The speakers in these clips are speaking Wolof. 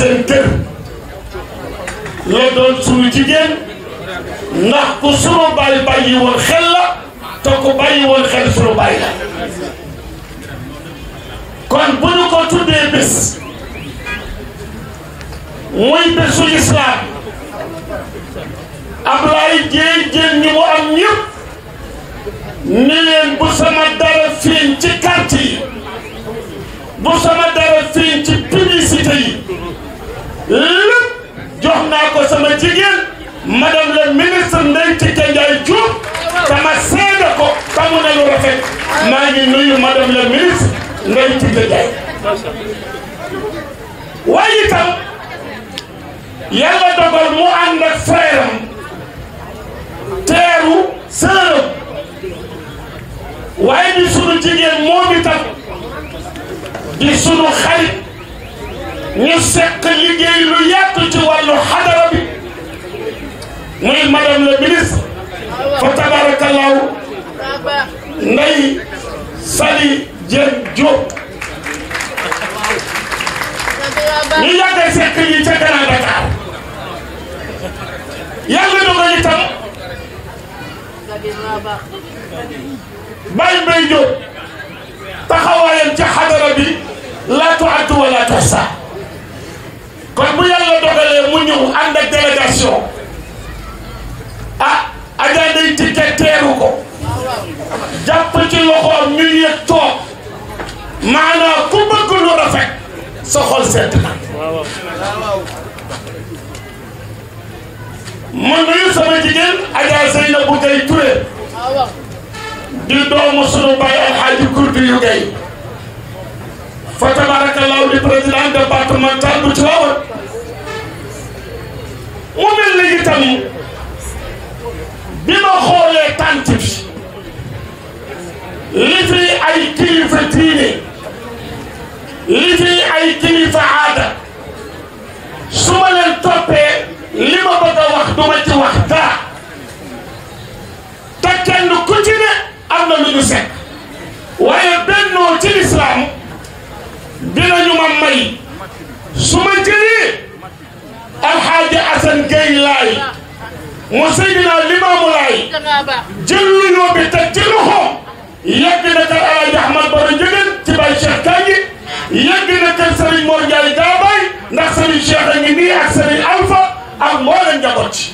seen kër lay doon suñu jigéen ndax ku suma bàyyi bàyyi woon xel la te ku bàyyi woon xel sunu bàyyi kon bu ñu ko tuddee bés muy bésu lislaam Ablaye Dieng jën ñi mu am ñëpp ni leen bu sama dara fiiñ ci carte yi bu sama dara fiiñ ci publicité yi lépp jox sama jigéen madame la ministre Ndeye Tické Ndiaye Diop dama seede ko ba mu ne lu rafet maa nuyu madame la ministre Ndeye Tické Ndiaye waaye itam yàlla dogal mu ànd ak frère am teeru sëram waaye di sunu jigéen moom itam di sunu xarit ñu seq liggéey lu yàq ci wàllu xadara bi muy madame la ministre fa tabarakallahu Ndeye Saly Dieng Diop ñu yàgg seq yi ca Grand Dakar yàlla dogal itam Baye Mbaye Diop ci xadara bi laa tu'addu wa laa tuhsaa maanaam ku bëgg lu rafet sa xol sedd na ma jigéen Adja Seynabou Gaye Touré di doomu sunu baay Alxaaji Kurdi yu Gaye fa tabarakallahu di président départemental bu Tivaouane mu mel ni bi ma xoolee tànt bi li fi ay kilifa diine li fi ay kilifa aada su ma leen li ma bëgg a wax du ma ci wax dara te kenn ku ci ne na lu ñu sekk waaye bennoo ci lislaam dinañu ma may su ma jëlee alxaaji Asan Gay mu Seydina Limaamu Laay jël lu ñoo bi teg ci loxo yegg na ca alaaji Ahmad Baro Njëgeen ci Baay Cheikh yegg na kër Serigne Mor Ndiaye Gaabay ndax Serigne Cheikh ngi nii ak Serigne Alpha ak mboolem njaboot ci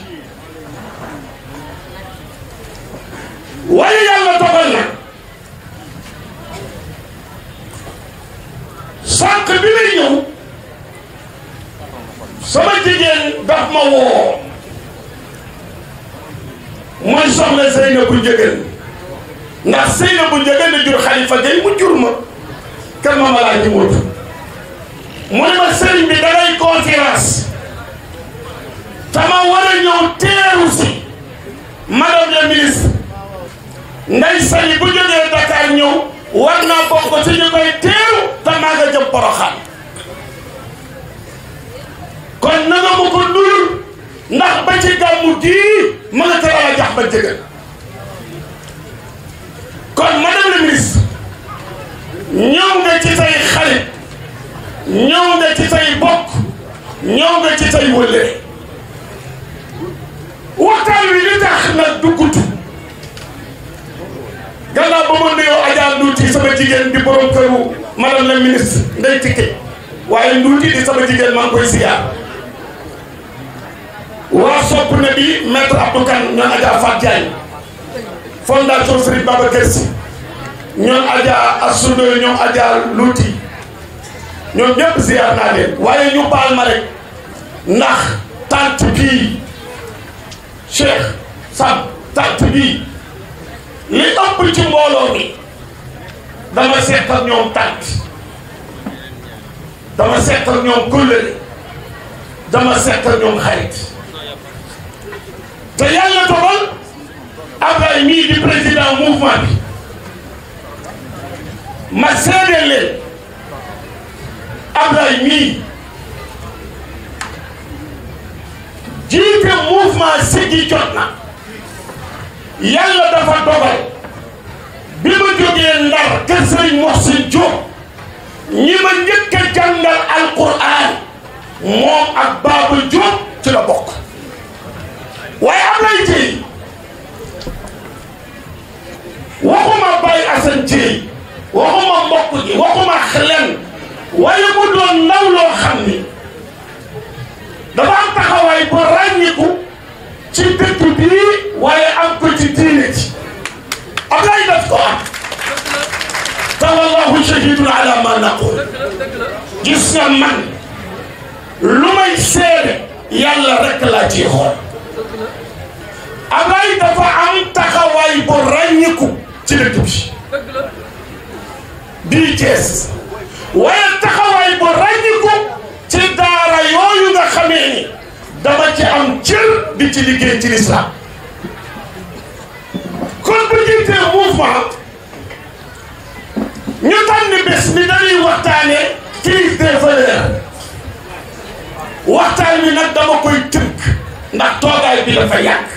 waaye yàlla dogal na sànq bi lay ñëw sama daf ma woo mooy soxna Seyna bu njëgën ndax Seyna bu njëgën a jur xalifa gay mu jur ma te moom laa ji wut mu ne ma sëriñ bi da ngay conférence war a ñëw teeru si madame la ministre Ndeye Saly bu jógee Dakar ñëw war naa bokk ci ñu koy teeru te nga jëm Porokhane kon na ko dul ndax ba ci gàmmu gii ma nga tëral a jax ba jëgal kon madame la ministre. ñëw nga ci say xarit ñëw nga ci say bokk ñëw nga ci say wëllee waxtaan wi li tax nag duggutu gannaaw ba ma nuyoo Adja Nduuti sama jigéen di borom këru madame la ministre Ndeye Tické waaye Nduuti di sama jigéen maa ngi koy siyaar waa sopp na bi maître Abdou Kane ñoo Adja Fatou Diagne fondation Serigne Babacar Sy ñoom Adja ak sundoy ñoom Adja luuti ñoom ñëpp ziar naa leen waaye ñu baal ma rek ndax tant bii Cheikh Sam tant li ëpp ci mbooloo mi dama seet ñoom tant dama seet ak ñoom kóllëre dama seet ñoom xarit te yàlla dogal Ablaye mii di président mouvement bi ma seedeel leen Abdoulaye mii jiite mouvement Siggi jot na yàlla dafa dogal bi ma jógee Ndar kër Sëriñ Mohsin Diop ñi ma njëkk a jàngal alquran moom ak Baba Diop ci la bokk waaye Abdoulaye Dieye waxuma Baye Assane Dieye waxuma mbokk ji waxuma len waaye mu doon ndaw xam ni dafa am taxawaay bu ràññiku ci dëkk bii waaye am ci diine ci Ablaye daf ko am te wallahu shahidun ma naqul gis man lu may seede yàlla rek laa ciy xool Ablaye dafa am taxawaay bu ràññiku ci dëkk bi bii Cees waaye taxawaay bu ràññiku ci daara yooyu nga xamee ni dama ci am cër di ci liggéey ci lislaam kon bu jiitee mouvement ñu tànn bés bi dañuy waxtaane crise des valeurs waxtaan wi nag dama koy tënk ndax toogaay bi dafa yàgg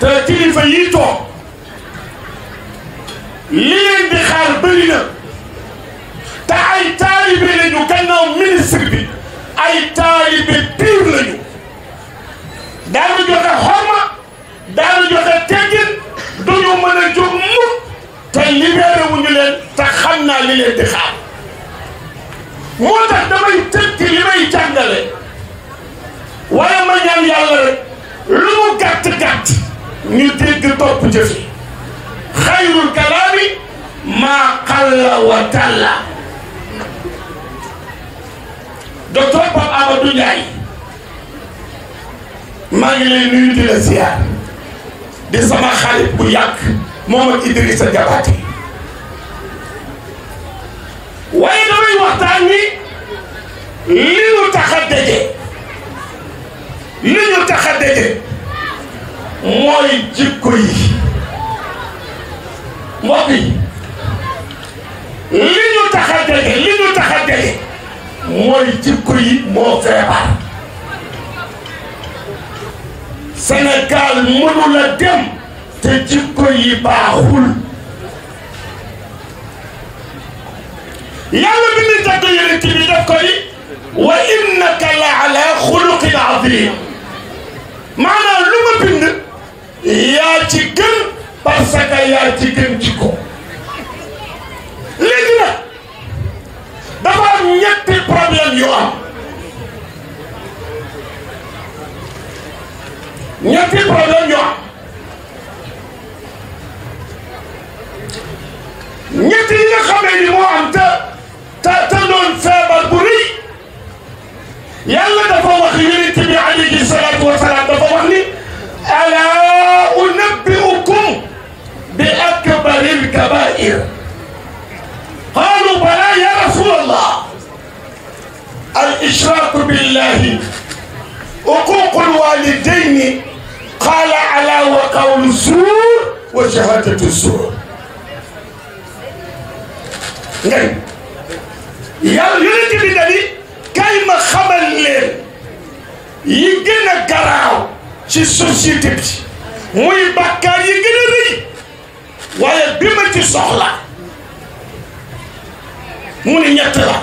te kilifa yi toog li leen di xaar bëri te ay taalibe lañu gannaaw ministre bi ay taalibe pur lañu daanu joxe xorma daanu joxe teggin duñu mën a jóg te libéré leen te xam naa li leen di xaar moo tax damay tënk li may jàngale waaye ma ñaan yàlla rek lu mu gàtt gàtt ñu dégg topp jëf xayrul kalaami maa qalla wa talla docteur Pape Amadou Ndiaye maa ngi lay nuyu di la ziar di sama xarit bu yàgg moom ak Idrissa Diabaté waaye damay waxtaan ni li ñu tax a daje li ñu tax mooy jikko yi mbokk yi li ñu tax a daje li ñu tax a daje mooy jikko yi moo feebar Sénégal mënu la dem te jikko yi baaxul yàlla bi ñu tagg yonent bi daf koy wa innaka la ala xuluqin azim maanaam lu ma bind yaa ci gën parce que yaa ci gën ci dafa am ñetti problème yu am ñetti problème yu am ñetti yi nga xamee ni moo am te te te doon feebar bu rëy dafa wax yonent bi alayhi salaatu wa dafa wax ni ala unabbiukum بأكبر الكبائر قالوا بلى يا رسول الله الإشراك بالله حقوق الوالدين قال على وقول الزور وشهادة الزور ngay yàlla yonent bi dani kay ma xamal leen yi gën a garaaw ci société bi muy bàkkaar yi gën a rëy waaye bi ma ci soxla mu ni la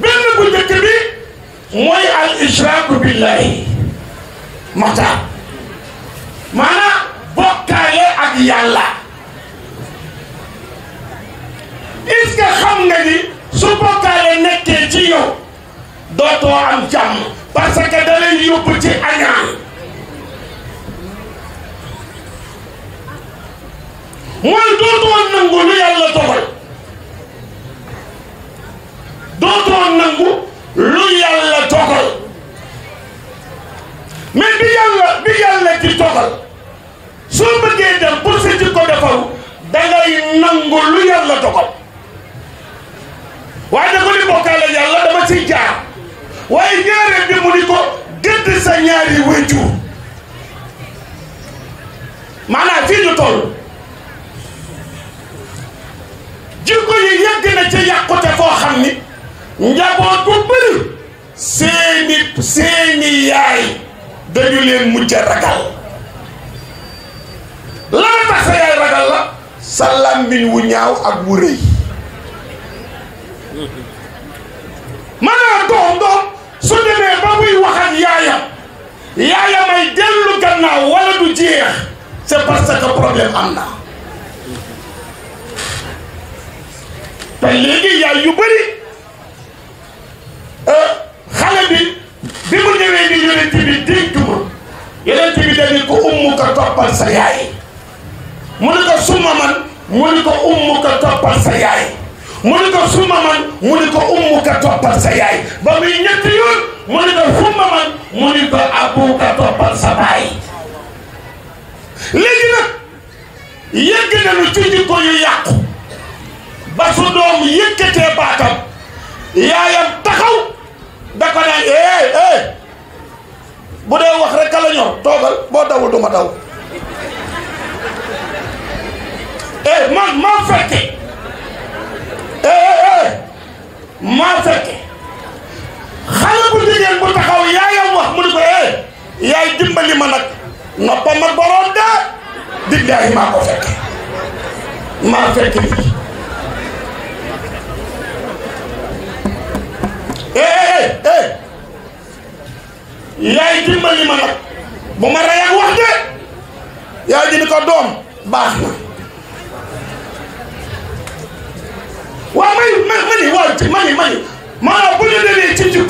benn bu njëkk bi mooy al israku billahi maxtaar maanaam bokkaale ak yàlla est ce que xam nga bokkaale nekkee ci yow dootoo am jàmm parce que da lay yóbbu ci añaan mooy dootoo nangu lu yàlla dogal dootoo nangu lu yàlla dogal mais bi yàlla bi yàlla di dogal soo bëggee dem pour sa jikko defaru dangay nangu lu yàlla dogal waaye da ko ni bokkaale yàlla dama ciy jaar waaye ñaareel bi mu ni ko gëdd sa ñaari wéjur maanaam fii ñu toll jikko yi yegg na ca yàqute foo xam ni njaboot bu bëri seeni seeni yaay dañu leen mujj ragal lana tax sa yaay ragal la sa làmmiñ wu ñaaw ak wu rëy maanaam doom doom su demee ba muy wax ak yaayam yaayamay dellu gannaaw wala du jeex c'est parce problème am na te léegi yaay yu bëri euh, bi bi mu ñëwee ni yonent bi dénk ma yonent bi dañu ko ummu ko toppal sa yaay mu ne ko suma man mu ne ko ummu ko toppal sa yaay mu ne ko suma man mu ne ko ummu ko toppal sa yaay ba muy ñetti yoon mu ne ko suma man mu ne ko abu ko toppal sa baay léegi nag yegg nañu ci jikko yu yàqu ba su doom yëkkatee baatam yaayam taxaw da ko naan eh, eh, bu dee wax rek ka la boo dawul du daw eh man fekke eh, eh fekke xale bu jigéen bu taxaw yaayam wax mu ko yaay dimbali ma nag noppam ma borom de diglaayi maa ko fekke maa fekke lii eh eh yaay dimbali ma nag bu ma rey ak de yaay ji ni ko doom baax na waaw may may ma ni waaw ma ni ma ni maanaam bu ñu demee ci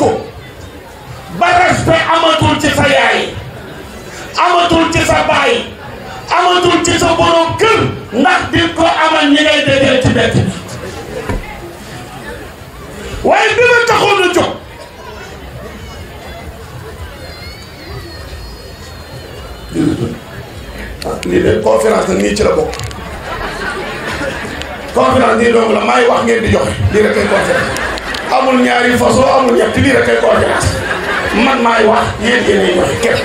ba respect amatul ci sa yaay amatul ci sa baay amatul ci sa borom kër ndax di ko amal ñi ngay déggee ci bett waaye bi ma taxoon a jóg ah, lii de conférence nag nii ci la bokk conférence nii donc la maay wax ngeen di joxe lii rek ay conférence amul ñaari man maay wax yéen yéenay joxe képp.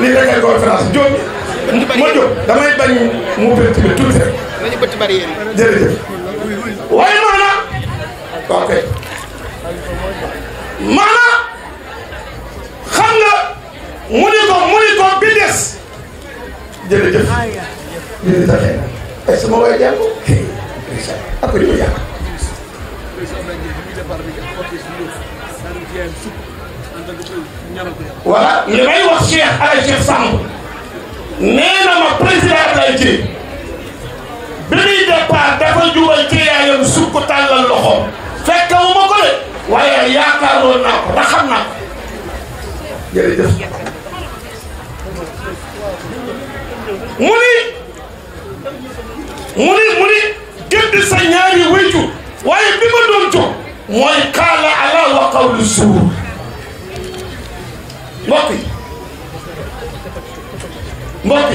nee leen ay conférence jóg ma jóg damay bañ mu perturbé tuuti rek. barrières yi. jërëjëf. waaye maanaam. ok. maanaam. xam nga. mu ni ko mu ni ko bi des. jërëjëf. jërëjëf taxee na. ay sama waay jàng. incha allah après ñu jàng. voilà li may ma président lay ji. bi muy départ dafa jubal ci yaayam sukk tàllal loxo fekkewu ma ko waaye yaakaaroon naa ko ndax xam naa ko jërëjëf mu ni mu ni mu waaye bi ma doon mooy xaala ala wa qawlu suur mbokk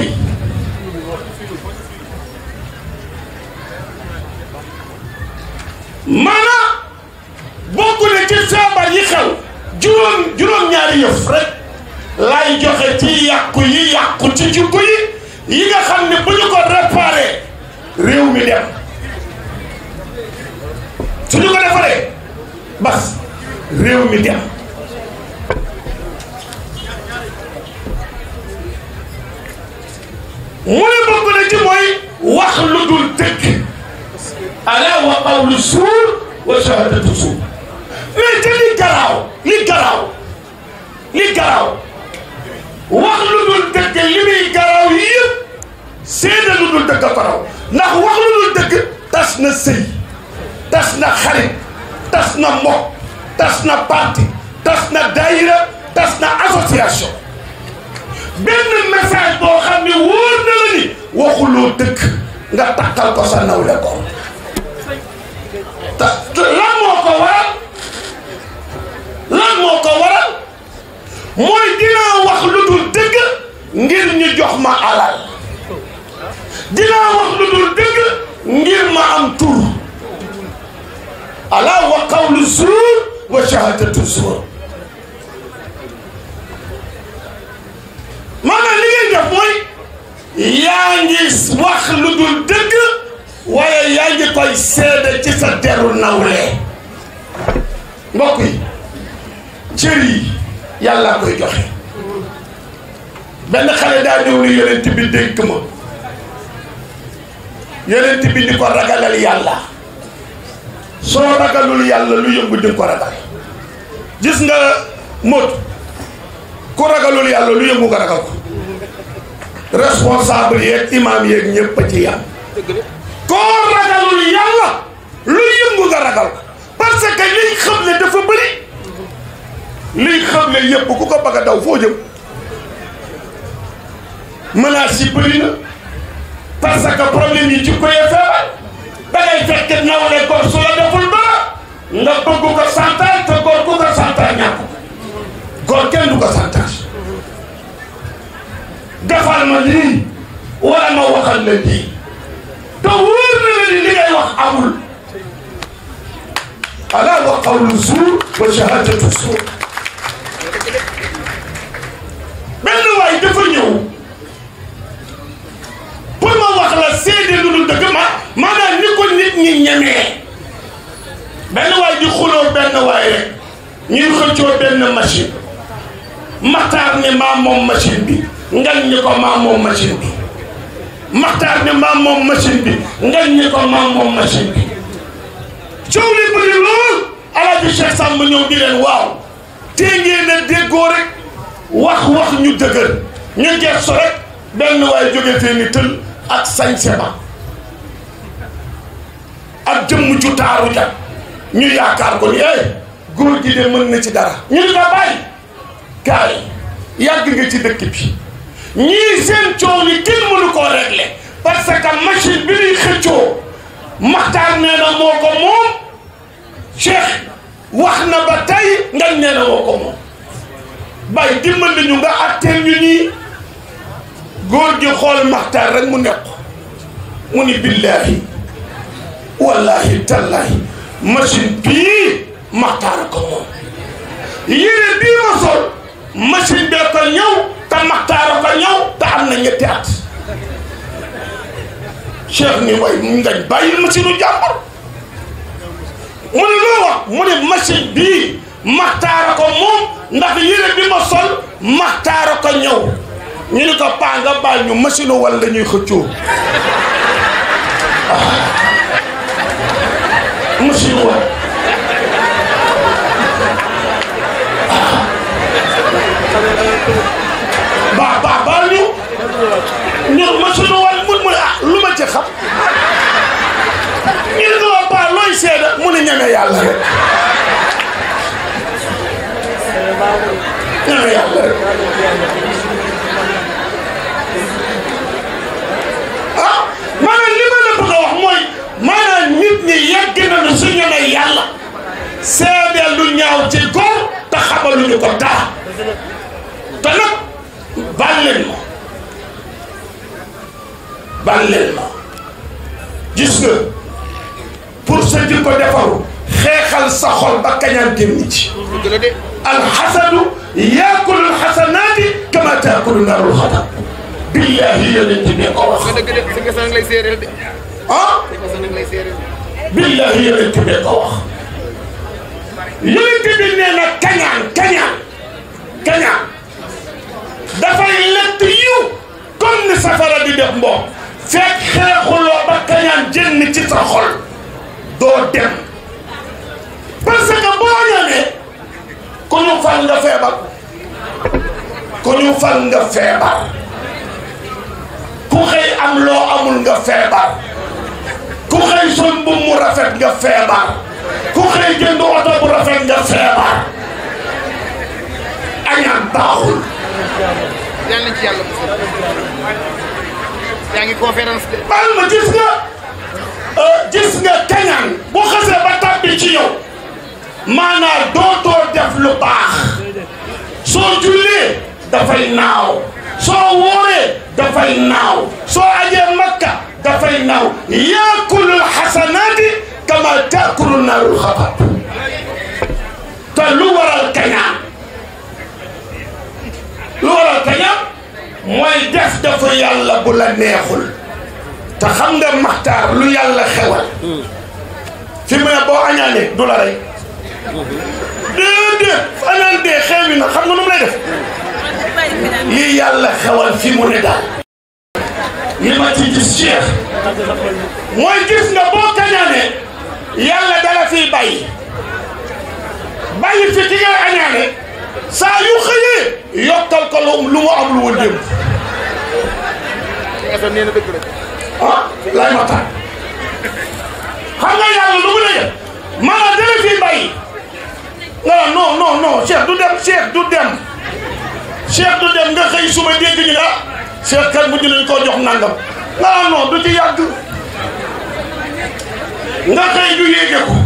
yi maanaam bokk na ci feebar yi xew juróom juróom-ñaari yëf rek lay joxe ci yàqu yi yàqu ci jikko yi yi nga xam ne bu ñu ko réparé réew mi dem su ñu ko defaree mu ne bokk na ci mooy wax lu dul dëgg alaa wa qawlu suur wa shahadatu suur mais te li garaaw li garaaw li garaaw wax lu dul dëgg li muy garaaw yëpp seede lu dul dëgg ko raw ndax wax lu dul dëgg tas na sëy tas na xarit tas na mbokk tas na parti tas na daayira tas na association benn message boo xam ne wóor na la ni waxuloo dëgg nga takkal ko sa nawle ko te moo ko waral mooy dinaa wax lu dëgg ngir ñu jox ma alal dinaa wax lu dëgg ngir ma am tur ala wa qawlu zuur wa shahadatu zuur maanaam li ngay yaa ngi wax lu dëgg waaye yaa ngi koy seede ci sa deru nawle mbokk yi cër yi yàlla koy joxe benn xale daa ñëw ne yonent bi dénk ma yonent bi di ko ragalal yàlla soo ragalul yàlla lu yëngu di ko ragal gis nga mot ku ragalul yàlla lu yëngu nga ragal ko responsable yeeg imaam yeeg ñëpp ci yam koo ragalul yàlla lu yëngu nga ragal parce que liñ xam ne bëri liñ xam yëpp ku ko bëgg a daw foo jëm a yi bëri na parce que problème yi ci koy feebar da ngay fekk naw ne gor su la deful dara nga bëgg ko santaal te gor ku ko santaal ñàkk gor kenn du ko santaal defal ma lii wala ma waxal la lii te wóor na la ni li ngay wax amul alaa wa qawlu zuur wa shahadatu zuur benn waay dafa ñëw pour ma wax la seede lu dul dëgg ma maanaam ni ko nit ñi ñemee benn waay di xuloo benn waay rek ñuy xëccoo benn machine maxtaar ne maa moom machine bi ngan ñi ko maa moom machine bi maxtaar ne maam moom machine bi ngañ ñi ko maam moom machine bi coow li bëri lool alaaji Cheikh Samb ñëw di leen waaw tee ngeen a déggoo rek wax wax ñu dëgër ñu geef so rek benn waaye jóge fee ni ak sañse ba ak jëmm ju taaru ja ñu yaakaar ko ni eh góor gi de mën na ci dara ñu di ko bàyyi gars yàgg nga ci dëkk bi ñii seen coow li kenn mënu koo régler parce que machine bi ñuy xëccoo maxtaar nee na moo ko moom cheikh wax na ba tey ngañ nee na moo ko moom bàyyi dimbali ñu nga atteel ñu nii góor gi xool maxtaar rek mu nekk mu ni billaahi wallahi tallaahi machine bii maxtaar ko moom yére bii ma machine bee ko ñëw te maxtaara ba ñëw te am na ñetti at ni way ngañ bàyyil machine u jàmbur mu ne loo wax mu ne machine bii maxtaara ko moom ndax yére bi ma sol maxtaara ko ñëw ñu ni ko paa nga ñu machine u la ñuy xëccoo ah. machine wal sunu wàll mun mu ne lu ma ca xam ñu ne ko Paa looy seeda mu ne ñeme yàlla rek ñeme yàlla rek ah maanaam li ma la bëgg a wax mooy maanaam nit ñi yàgg nañu su ñeme yàlla seedeel lu ñaaw ci góor te xamaluñu ko dara te nag baal leen ma baal leen ma gis nga pour sa jikko defaru xeexal sa xol ba kañaan génn ci alxasadu yaakulul xasanaati kama taakulu naarul xatab billahi yonent bi ko wax ah billahi yonent bi ko wax yonent bi nee na kañaan kañaan kañaan dafay lett yiw comme ni safara di def mboq fekk xeexuloo ba kañaan jënn ci sa doo dem parce que boo ñëwee ku ñu fal nga feebar ku fal nga feebar ku xëy am loo amul nga feebar ku xëy sol bu mu rafet nga feebar ku xëy jënd oto bu rafet nga feebar añaan baaxul yaa ngi conférence de. baal ma gis nga euh, gis nga kañaan bu xasee ba tàbbi ci yow maanaam dootoo def lu baax soo jullee dafay naaw soo wóoree dafay naaw soo ajee makka dafay naaw yaakulul xasanaati kama taakulu naarul xatab te lu waral kañaan lu waral kañaan. mooy def dafa yàlla bu la neexul te xam nga maxtaar lu yàlla xewal fi mu ne boo añaanee du la rey déedéet añaan dee xewi na xam nga nu mu lay def lii yàlla xewal fi mu ne daal li ma ci gis Cheikh mooy gis nga boo kañaanee yàlla dala fiy bàyyi bàyyi fi ki nga añaane saa yu xëyee yokkal ko lu mu am lu woon démb. ah lay ma taal xam nga yàlla lu mu la yëg maanaam dana fi bàyyi nga naan non non non du dem Cheikh du dem Cheikh du dem nga xëy suma dégg ñu la ah, Cheikh kan bu jëlee koo jox nangam nga naan ah, non du ci yàgg nga xëy du yéege ko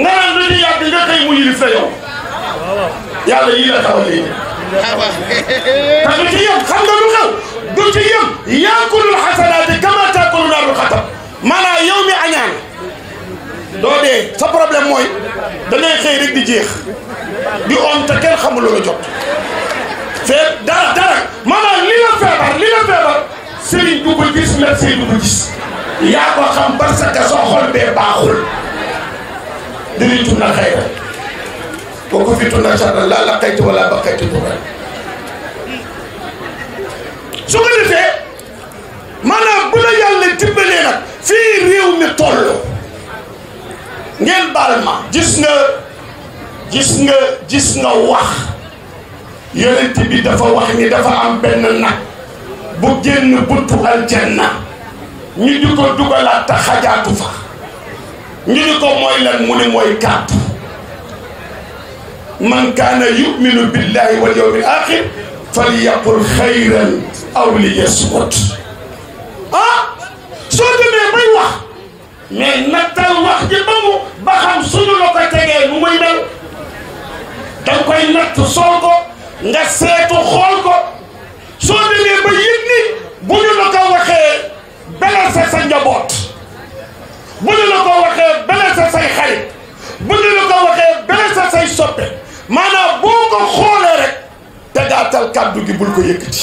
nga naan du ci yàgg nga xëy mu yilif la yàlla yii la taxaw lii tamit ah, ci yëm xam nga lu du ci yëm yaakulul xasanaati kama taakulu naarul xatab maanaam yow mi añaan doo dee sa problème mooy da ngay xëy rek di jeex di om te kenn lu la jot feeb dara dara maanaam li la feebar li la feebar sëriñ du ko gis médecin du ko gis yaa ko xam parce que bee baaxul dinañ tudd na xëy وكفيت نشرا لا لقيت ولا بقيت نورا su ko defee maanaam bu la yàlla dimbalee nag fii réew mi toll ngeen baal ma gis nga gis nga wax yonent bi dafa wax ni dafa am benn nag bu génn buntu aljanna ñu di ko dugalaat te xajaatu fa ñu di ko mooy lan mu ne mooy kàpp man kaana yuminu billahi wal yawmil axir falyaqul xayran aw liyasmut ah soo demee bay wax mais nattal wax ji ba mu ba xam suñu la ko tegee muy mel danga koy natt sol nga seetu xool ko soo demee ba ni bu ñu la ko waxee belese sa njaboot bu ñu la ko waxee say say soppe maanaam boo ko xoolee rek tegaatal kaddu gi bul ko yëkkati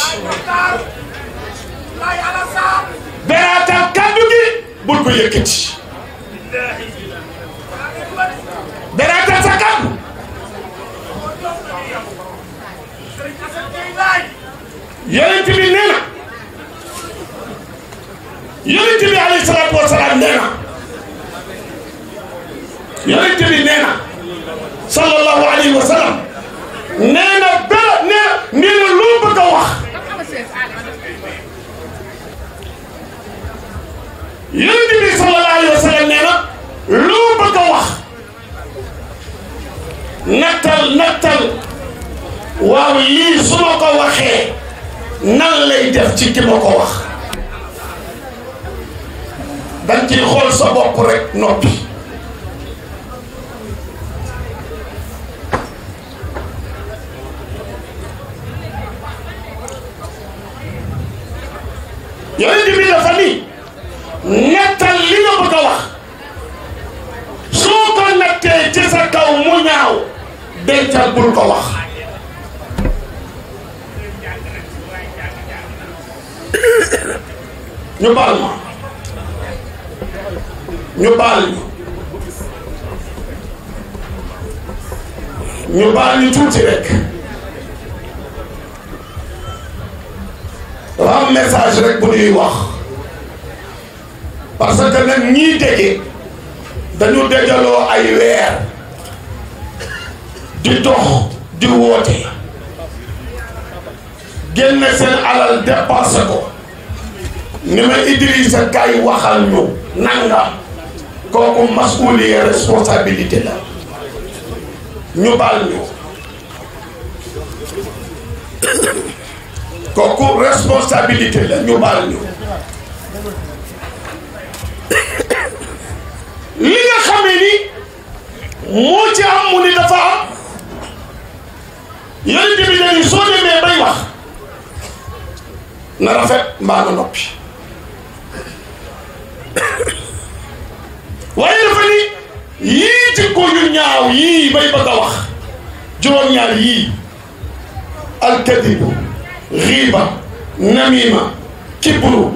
beraatal kaddu gi bul ko yëkkati beraatal sa kaddu yonent bi nee na yonent bi sallallahu alayhi sallam nee na bel nee nee na loo bëgg a wax yonent sallallahu alayhi sallam nee na loo bëgg wax nattal nattal waaw lii su ma ko waxee nan lay def ci ki ma ko wax dañ ciy xool sa bopp rek noppi yonent bi dafa ni nettal li nga bëgg wax soo ko nattee ci sa kaw mu ñaaw dencal bul ko wax ñu baal ma ñu baal ñu ñu baal ñu tuuti rek dafa message rek bu ñuy wax parce que nag ñii dégg dañu déjaloo ay weer di dox di woote génne seen alal dépassé ko ni ma Idrissa kay waxal ñu nangam kooku masuuliya responsabilité la ñu baal ñu kooku responsabilité la ñu baal ñu li nga xamee ni ci am mu ni dafa am yonent bi dañu soo bay wax na rafet mbaa nga noppi waaye dafa ni yii jikko yu ñaaw yii bay bëgg a wax juróom-ñaar yii alkadibu xiiba namima kibru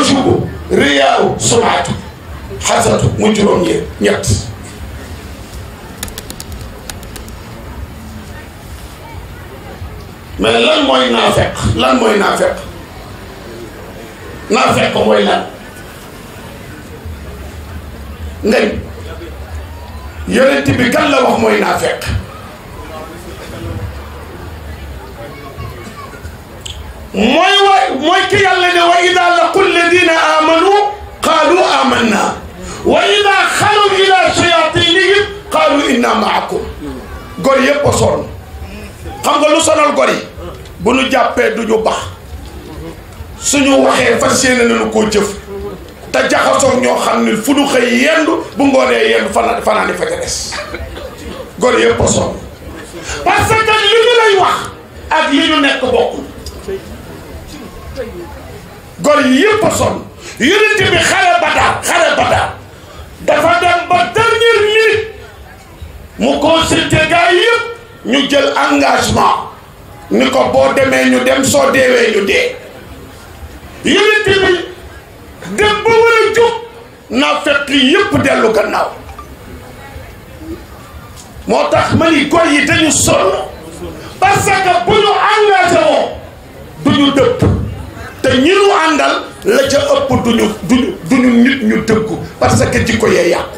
ujubu riyaaru mooy naafeq lan mooy lan ngañ yonent bi kan la mooy naafeq mooy wa mooy ki yàlla ne wa ida laqu alladina amanu qaalu amanna wa ida xalu ila shayatinihim qaalu inna maakum gor yëpp sonn xam nga lu sonal gor yi bu nu jàppee du ñu bax suñu waxee fas yéene nañu koo jëf te jaxasoog ñoo xam ne fu nu xëy yendu bu ngoonee yendu fanaan fanaani fa ca gor yëpp sonn parce que li ñu lay wax ak li ñu nekk bokkul gor yi yëpp a sonn yonent bi xare Badar xare Badar dafa dem ba dernière minute mu consulté gars yëpp ñu jël engagement ni ko boo demee ñu dem soo deewee ñu dee yonent bi dem ba war a jóg naa fekk yëpp dellu gannaaw moo tax ma ni gor yi dañu sonn parce que bu ñu engagé du ñu dëpp te ñi nu àndal la ca ëpp duñu duñu duñu nit ñu dëggu parce que jikko yee yàqu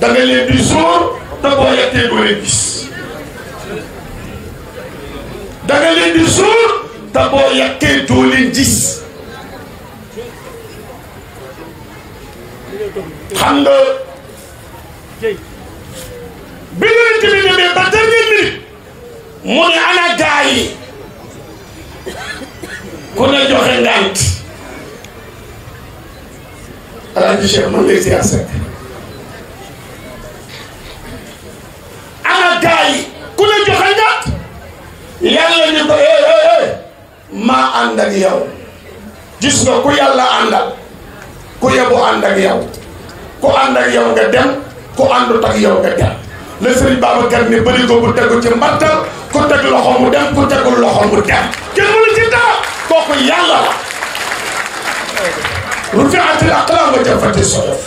da leen di sóor te boo yettee doo leen gis xam nga bi leen tamit ba dernière minute mu ne ana ku ne joxe ngant alaaji Cheikh man ku ne joxe ngant yàlla ñu ko eh, eh eh maa ànd ak yow gis nga ku yàlla àndal ku yebu ànd ak yow ku ànd ak yow nga dem ku àndut ak yow nga dem le sëriñ Babacar ne bëri ko bu tegu ci mbattal ku teg loxo dem ku tegul loxo dem kenn mënu ci dara kooku yàlla la rufi'atil aqlaam wa jaffati suhuf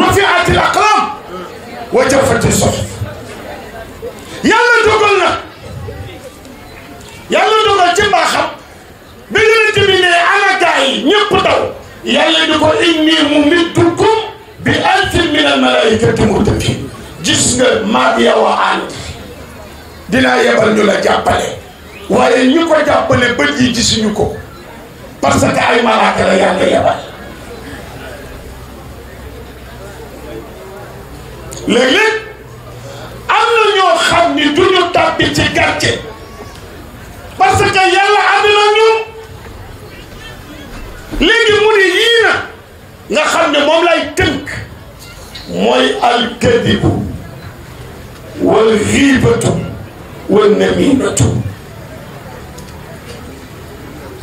rufi'atil aqlaam wa jaffati suhuf yàlla dogal na yàlla dogal ci mbaaxam bi yonent bi ne ana gaa yi ñëpp daw yàlla di ko innii mumiddukum bi alfin min al malaikati murdafin gis nga maag yow a ànd dinaa yebal ñu la jàppale waaye ñu ko jàppale bët yi gisuñu ko parce que ay malaaka la yàlla yebal léeg-léeg am na ñoo xam ni du ñu tàbbi ci gàcce parce que yàlla ànd na ñun léegi mu ne yii na nga xam ne moom lay tënk mooy alkadibu wal xiibatu a walnaminatu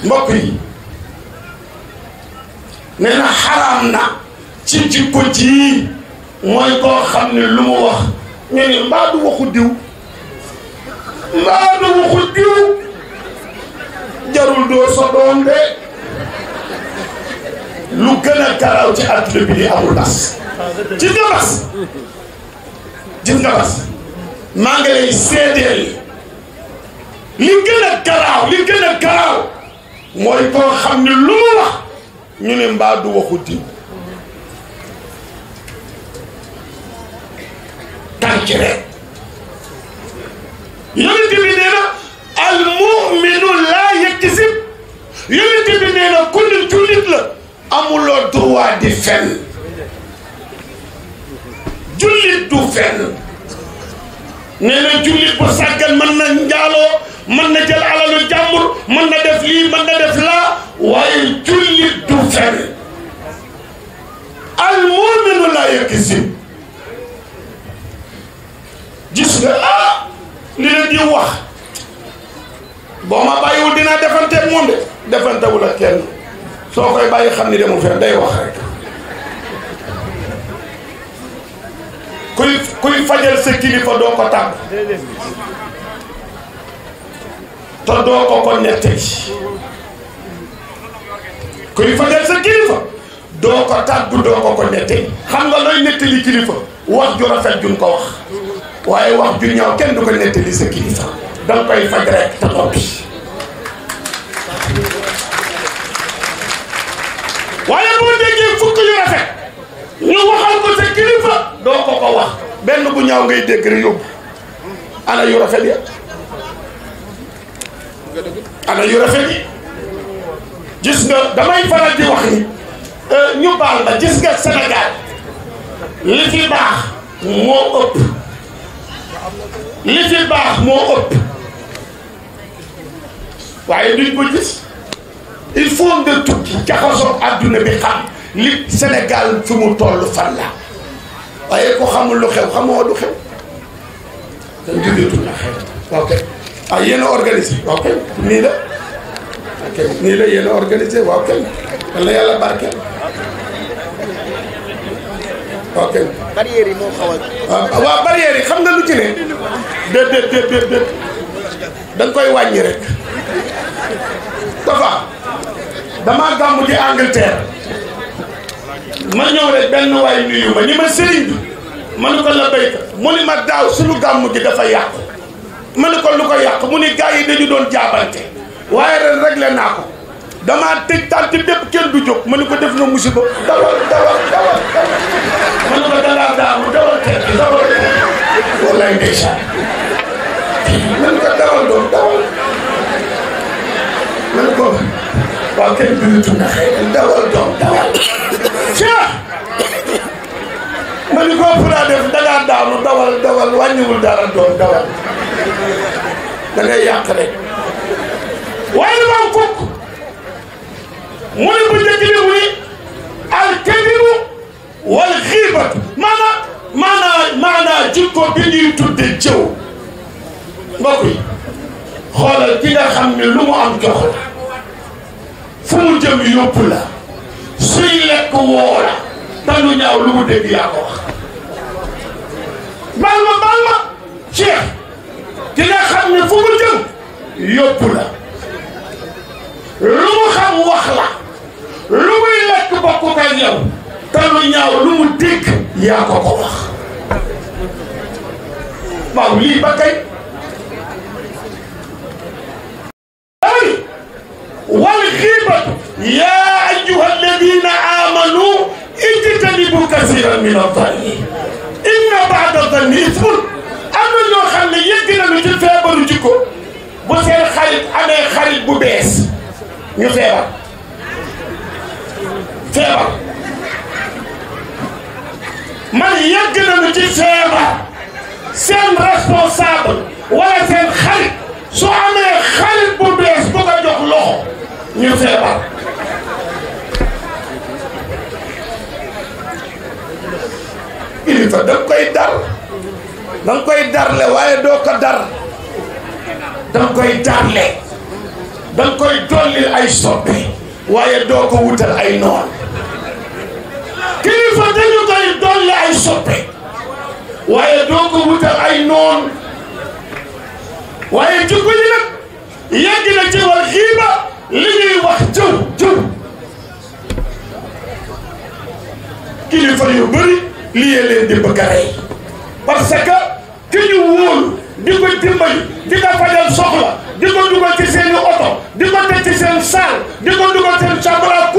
mbokk yi nee na xaraam na ci jikko ji mooy koo xam ne lu mu wax ñu ne mbaa du waxu diw mbaa du waxu diw jarul doo sa de lu gën a garaaw ci àdduna bi di amul bas gis nga bas gis nga bas maa ngi lay seedeel li gën a garaaw li gën a garaaw mooy koo xam ne lu ñu ne mbaa du waxu diw tànk rek yonent bi nee na al muminu laa yaktisib yonent bi nee na jullit la amuloo droit di fenn jullit du fenn nee na jullit bu sàggan mën na njaaloo mën na jël alalu jàmbur mën na def lii mën na def laa waaye jullit du fen al muuminu laa yakzib gis nga ah li leen di wax boo ma bàyyiwul dinaa defante moom de defantewul ak kenn soo koy bàyyi xam ni demu fen day wax rek kuy fajal sa kilifa doo ko tàgg doo ko ko nettali xam nga looy nettali kilifa wax ju rafet juñ ko wax waaye wax ju ñaaw kenn du ko nettali sa kilifa danga koy faj rek te noppi waaye boo déggee fukk yu rafet ñu waxal ko sa kilifa doo ko ko wax benn bu ñaaw ngay dégg rek yóbbu ana yu rafet ya ana yu rafet yi gis nga damay faral di wax ni euh, ñu baal ma gis nga Sénégal li fi baax moo ëpp li fi baax moo ëpp waaye duñ ko gis il faut nga tukki jaxasoo adduna bi xam li Sénégal fi mu toll fan la waaye ku xamul lu xew xamoo du xew dañ ah, a organisé waaw kay nii la nii a organisé ah, waaw kay yal yi xam nga lu ci ne koy wàññi rek dafa damaa gàmmu ji Angleterre ma ñëw rek benn waay nuyu ma ni ma sëriñ bi ma ne ko la béykat mu ni ma daaw suñu gàmm gi dafa yàqu ma ne ko lu ko yàq mu ni gars dañu doon jaabante waaye ren réglé naa ko damaa tëj tànt bépp kenn du jóg ma ne ko def na musiba dawal dawal dawal ma ne ko dangaa daamu dawal dawal waaw kenn mënatu na dawal doom dawal. Cheikh ma ni ko ëpp naa def daanu dawal dawal wàññiwul dara doom dawal da ngay yàq rek waaye li ma am kooku mooy bu njëkk li muy wal xiibatu maanaam maanaam maanaam jikko bi ñuy tudde jëw mbokk yi xoolal ki nga xam ne lu am jox fu mu jëm yóbbu la suy lekk woo la te lu mu dégg yaa ko wax baal ma baal ki nga xam ne fu mu jëm yóbbu lu mu xam wax la lu muy lekk bokk ak yow te lu lu mu dégg yaa ko ko wax waaw lii ba tey والغيبة يا أيها الذين آمنوا اجتنبوا كثيرا من الظن إن بعد الظن إثم am na ñoo xam ne yëgg nañu ci feebaru jikko bu seen xarit amee xarit bu bees ñu feebar feebar man yëgg nañu ci feebar seen responsable wala seen xarit bu bees bu ko jox loxo ñu feebar kilifa da koy dar da koy darle waaye doo dar da nga koy darle koy dollil ay soppe waaye doo ko wutal ay noon kilifa dañu koy dolli ay soppe waaye doo ko wutal ay noon waaye jikko yi nag na ci wal xiiba li ñuy wax jëw jëw kilifa yu bëri lii leen di bëgg a rey parce que ki ñu wóolu di ko dimbali di ko fajal soxla di ko dugal ci seen oto di ko teg ci seen saal di ko dugal seen chambre à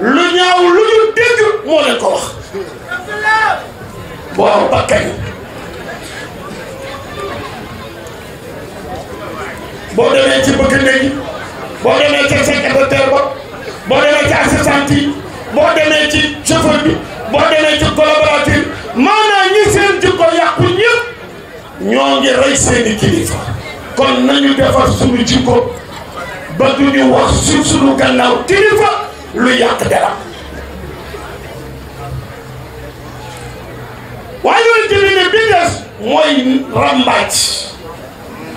lu ñaaw lu ñu dégg moo leen ko wax waaw ba boo demee ci bëgg ndey boo demee ca seen émetteur ba boo demee ci assistant yi boo demee ci chauffeur bi boo demee ci collaborateur maanaam ñi seen jikko yàqu ñëpp ñoo ngi rey kilifa kon nañu defar suñu jikko ba duñu wax su gannaaw kilifa lu yàq dara waaye yooyu jëli mooy rambaaj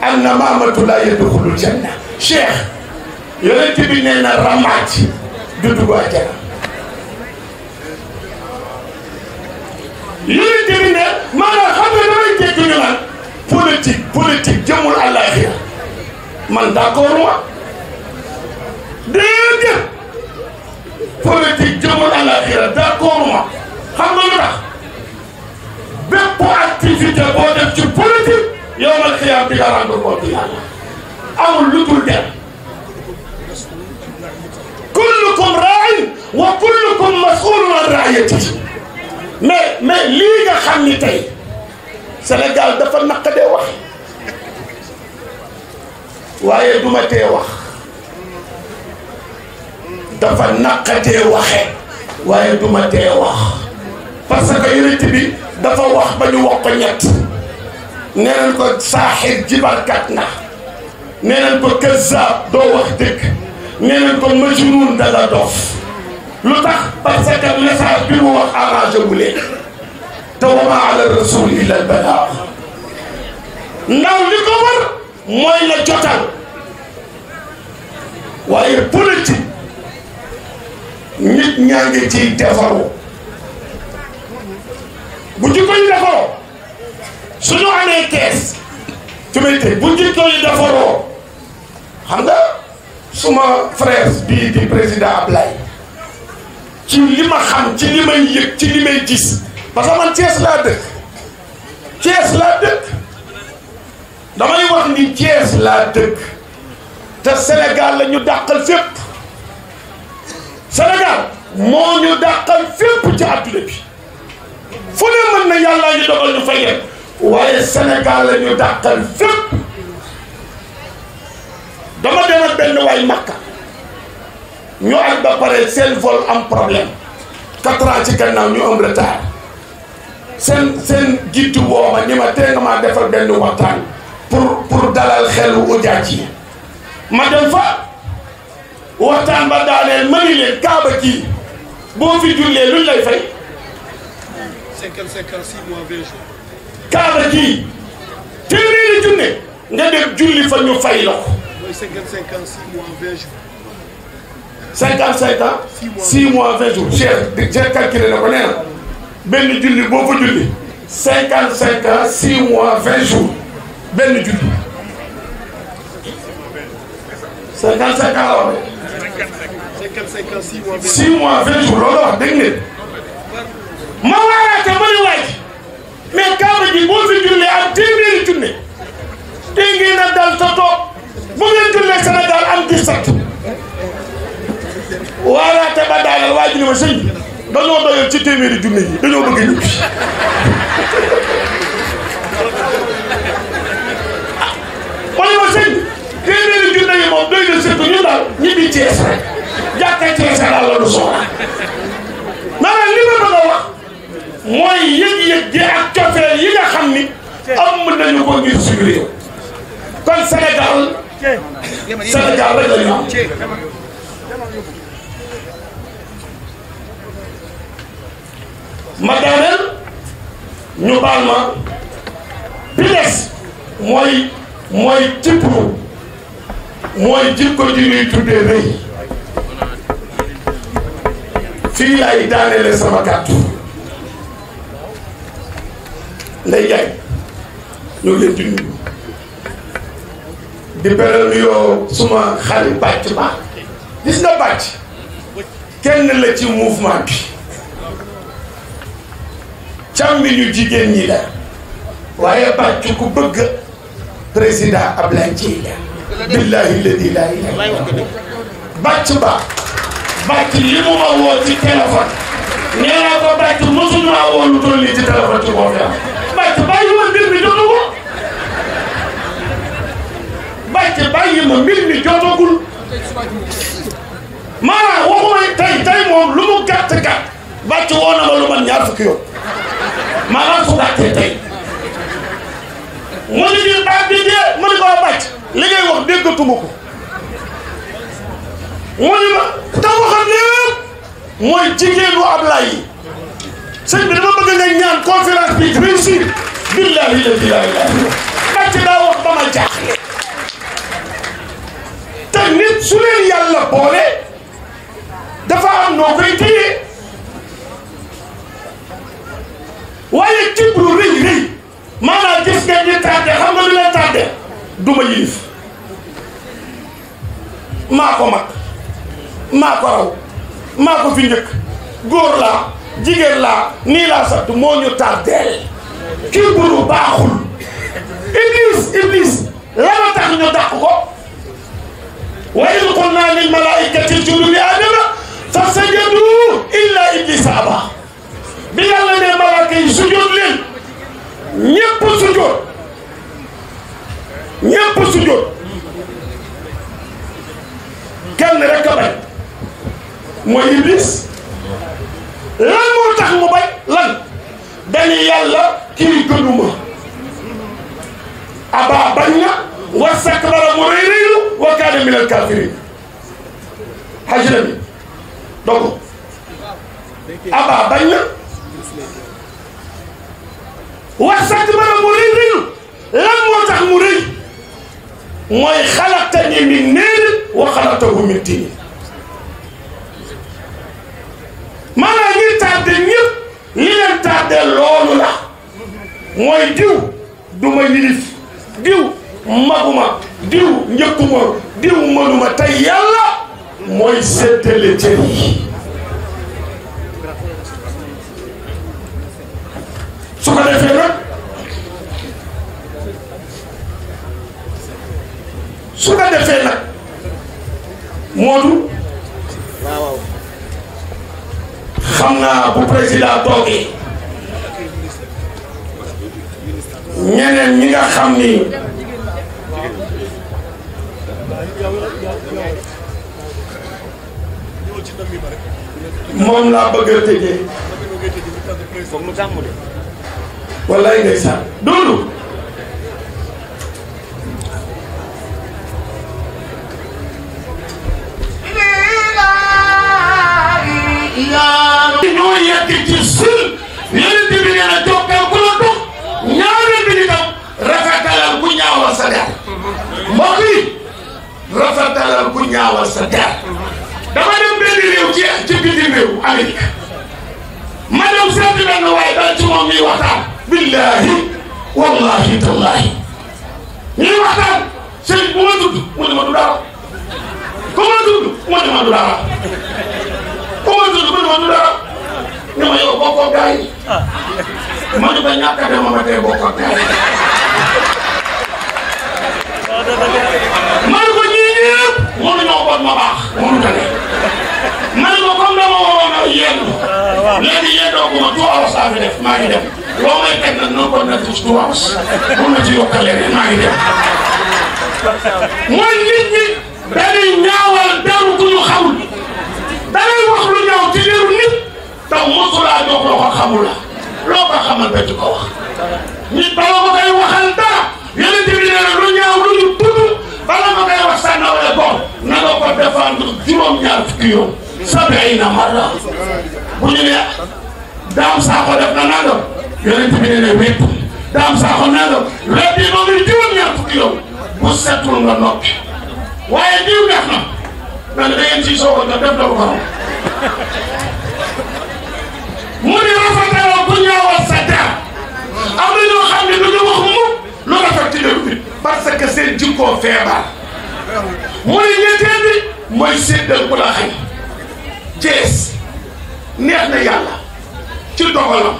am na maamatu laa yadxulul janna yonent bi nee na rambaaj du dugg àjjana yonent bi ne maanaam xam nga damay dégg ñu naan politique politique jëmul àllaaxira man d'accord ma déedéet politique jëmul àllaaxira d'accord ma xam nga lu tax bépp boo def ci politique yow ma xiyam di nga rendre compte yàlla amul kullukum raain wa kullukum masulun an raayati mais mais xam ni tey Sénégal dafa naqadee wax waaye duma tee wax dafa naqadee waxe waaye duma tee wax parce que yonent dafa wax ba ñu wax ko ñett nee nañ ko saaxir jibarkat na nee doo wax dëgg nee na kon majnuun da la lu tax parce que message bi mu wax arrangé wu leen te ala rasul illa al balaa ndaw li ko war mooy la jotal waaye politique nit ñaa ngi ciy defaru bu jikko yi defaroo suñu amee kees fi may tëj bu jikko yi defaroo xam nga suma frère bii di président Ablaye ci li ma xam ci li may yëg ci li may gis parce que man Thiès laa dëkk Thiès laa dëkk damay wax ni Thiès laa dëkk te Sénégal la ñu dàqal fépp Sénégal moo ñu dàqal fépp ci àdduna bi fu ne mën na yàllaa ñu dogal ñu fa yem waaye Sénégal la ñu dàqal fépp dama dem ak benn waay makka ñu aj ba pare seen vol am problème quatre ans ci gannaaw ñu am retard seen seen giddi woo ma ni ma tee nga maa defal benn waxtaan pour pour dalal xelu ujaaj yi ma dem fa waxtaan ba daaneel ma ni leen kaaba kii boo fi jullee luñ lay fay kaaba kii téeméeri junne nga dem julli fa ñu fay la mooy 55 ans 6 mois 20 jours. 55 ans. 6 na ko nee na benn julli boo ko julli. 55 ans 6 mois 20 jours julli. 55 ans la wax de. 6 mois ma waaraate ma ni waaj mais kaaba boo fi julli am téeméeri junne. dégg ngeen dal sa bu ngeen jullee Sénégal am 17 waaraate ba daanal waa ji ni ma sëñ bi dañoo doyoon ci téeméeri junne yi dañoo bëgg a ñibbi ah wala ma sëñ téeméeri junne yi moom doy na sëkk ñu daal ñibbi Thiès rek jàkkee Thiès daal la du soxla maanaam li ma bëgg a wax mooy yëg-yëg gi ak cofeel yi nga xam ni am nañu ko ngir suñu réew kon Sénégal Sénégal rek la ñu am. ma baal ma bi mooy mooy jikko mooy jikko ji ñuy tuddee rëy fii laay daaneele sama kàddu nday jaay ñoo leen di nuyu di beral yoo suma xarit bàcc baax gis nga bàcc kenn la ci mouvement bi càmmi ñu jigéen ñi la waaye bàcc ku bëgg président Ablaye Dieng la billahi ladi laa ilaha bàcc baax bàcc li mu ma woo ci téléphone nee naa ko bàcc woo lu toll nii ci téléphone ci boo fi bay te bàyyi ma mbir mi jotagul maanaam waxuma tey tey moom lu mu gàtt gàtt bàcc woo na ma lu man ñaar fukki yoon maanaam su gàttee tey mu ni ñu bàcc bi dee mu ni koo bàcc li ngay wax déggatuma ko mu ni ma te waxam lépp mooy jigéenu Ablaay yi sëñ bi dama bëgg nga ñaan conférence bi réussir billahi la ilaha illa bàcc daa wax ba ma jaaxle tax nit su leen boole dafa am noo koy téye waaye kibru rëy rëy maanaam gis nga ñu tardé xam nga lu leen tardé du ma yilif maa ko mag maa ko raw maa ko fi njëkk góor laa jigéen laa nii laa sant moo ñu tardeel kibru baaxul iblis iblis la tax ñu dàq ko wa in qulna lil malaikati isjudu li adama fasajadu illa iblisa aba bi yàlla ne malaaka yi sujjóot ñépp sujjóot ñépp sujjóot kenn rek a bañ mooy iblis lan moo tax mu bañ lan dañu yàlla kii gënuma aba bañ na wastakbara mu rëy rëylu wa kaana min al kafirin xaj na bi donc abaa bañ mu rëy rëylu moo tax mu rëy mooy xalaqtani min niir wa xalaqtahu min tiin maanaam ñi tardé ñëpp li leen tardé loolu la mooy diw du ma diw maguma diw njëkkuma diw mënuma tey yàlla mooy séddale cër yi su ko defee nag su ko defee nag Modou xam naa bu président toogee ñeneen ñi nga xam ni moom laa bëgg a tëjee. wallaay ndeysaan Doudou. ñoo yegg ci suul yonent bi nee na jokkoo ku la dox ñaareel bi ni tam rafetalal bu ñaawal sa der mbokk yi rafetalal ku ñaawal sa der dem benn réew ci ci bitim réew Amérique ma dem seeti benn waaye daal ci moom ñuy waxtaan billahi wallahi tallahi ñuy waxtaan sëñ bu ma mu ne ma du dara ku ma mu du ma du dara ñu ma yow bokkoo gaa yi ma ñu dem ma tey bokkoo gaa yi yëpp mënuñoo bon ma baax mënuñu ko ne man ma comme dama waroon a yéendu ah, léegi yéendoo ko ma tuwaawar saa fi def maa ngi dem loo may teg nag noonu kon nag tuuti tuwaawar mun na ci yokkal leneen maa ngi dem mooy nit ñi dañuy ñaawal daru ku ñu xamul dañuy wax lu ñaaw ci biiru nit te mosulaa jox loo ko xamul la loo ko xamal ba di ko wax nit ba la ko koy waxal dara. yow sabiina marra bu ñu ne daam saako def na nangam yonent bi ne ne wépp daam saako nangam weddi ma muy juróom-ñaar fukki yow bu setul nga noppi waaye diw def na nga ne da ngeen ciy soog a nga def daw borom mu ne rafetaloo bu ñaawal sa der am na ñoo xam ne du ñu wax mu lu rafet ci dëkk bi parce que seen jikkoo feebar mu ne ñetteel bi mooy séddal ku la xañ Cees neex na yàlla ci dogalam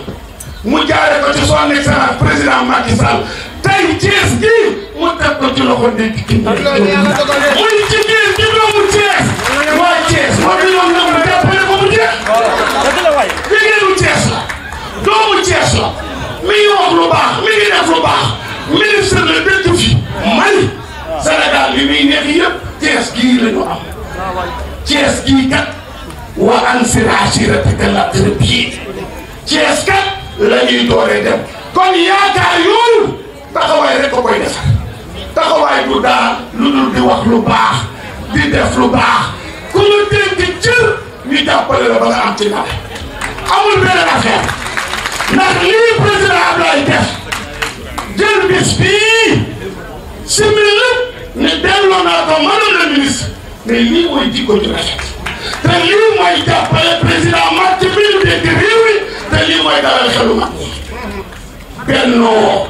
mu jaare ko ci son excellence président Macky Sall tey Cees gii mu teg ko ci loxo nekk ki muy ci biir di doomu Cees waa Cees war nañoo nangu jàppale ko mu jeex liggéeyu Cees la doomu Cees la mi ngi wax lu baax mi ngi def lu baax ministre la dëkk fi Mali Sénégal li muy neex yëpp Cees gii la ñu am Cees gii kat wa ansir ashiratika al-aqrabin Cees kat la ñuy dooree dem kon yaakaar yooyu taxawaay rek ko koy defar taxawaay du daa lu dul di wax lu baax di def lu baax ku ñu dénk cër ñu jàppale la ba am ci dara amul beneen affaire ndax lii président Abdoulaye def jël bis bii simili ne delloo naa ko mënul mais lii mooy jikko ju rafet te lii mooy jàppale président Macky bi ñu dégg réew mi te lii mooy dalal xelu mag ñi bennoo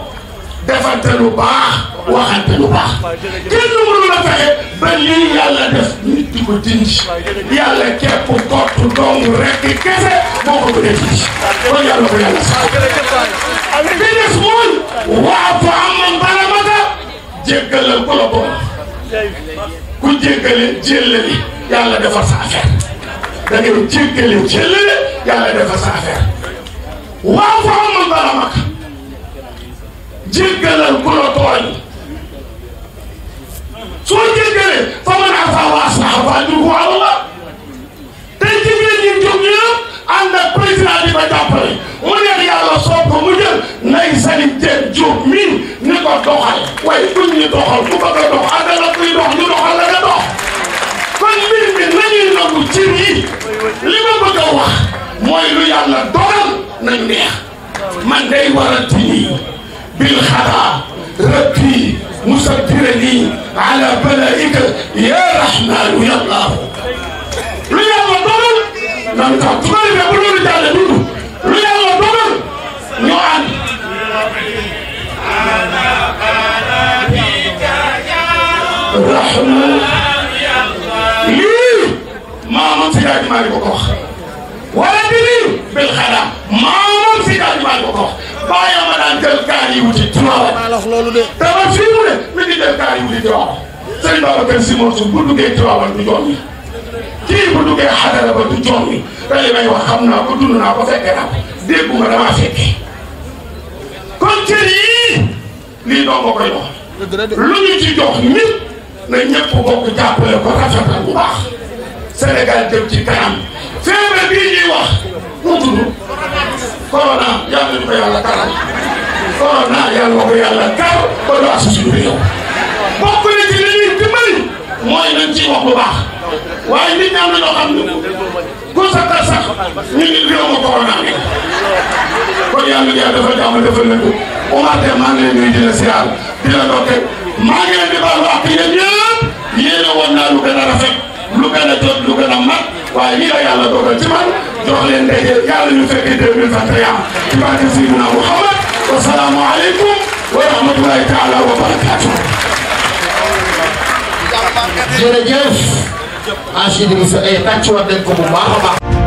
defante lu baax waxante lu baax kenn mënu la fexe ba lii yàlla def nit di ko dindi yàlla képp kott dong rek kese moo ko bëggee dindi kon yàlla ko yàlla sax bi des mooy waafu am man baramata jéggalal ko la bon ku jéggale jéllale yàlla defar sa affaire da ngay jéggale jéllale yàlla defar sa affaire waaw fa man bala mag jéggalal ku la tooñ soo jéggalee fa man afa wa aslaha fa ajruhu ala Allah ànd ak président di ko jàppale mu nekk yàlla soob mu jël nay sali jéeg jóob mii ni ko doxal waaye duñ doxal ku bëgg a dox ànd ak kuy dox ñu doxal la nga dox kon mbir mi nañuy nangu cër yi li ma bëgg a wax mooy lu yàlla dogal na neex man day warante nii bil xaraa rabbi musabbirani ala balaika ya rahmaanu ya allahu loolu sax su ma defee ba loolu jàllee dund lu yàlla dogal ñoo ànd. rahma lii maamam si jaaj maa ngi ko ko wax. wala bi lii bil xalaam maamam si jaaj maa ngi ko ko wax bàyyi ma daan jël gaal yi wuti Tiwaawan dama fii mu ne mi ngi jël gaal yi wuti Tiwaawan sëñ Babacar Si Mansour bu duggee Tiwaawan du jox kii bu duggee xadara ba du jox mi te may wax xam naa ko dund naa ko fekke naa ko dégguma damaa fekke kon cër lii doo nga lu ñu ci jox ñëpp na ñëpp bokk jàppale ko rafetal bu baax Sénégal jëm ci kanam feebar bii ñuy wax mu tudd corona yàlla ñu ko yàlla karal corona yàlla ko yàlla kar ba du as suñu réew bokk mooy nañ ciy baax waaye nit ñi am na ñoo xam ne ku sa kër sax ñu ngi réew ma corona bi kon yàlla yàlla dafa maa ngi lay nuyu di la di la dokke maa ngi leen di baal wax ak yéen ñëpp yéen a woon naa lu gën a rafet lu a jot lu a mat waaye lii la yàlla dogal ci man jox leen daje yàlla ñu fekkee deux mille vingt et un ci barke Seydina Muhammad aleykum wa taala wa barakaatu jërëjëf. ah Sidi Moussa ay eh, tàcc war nañ ko bu baax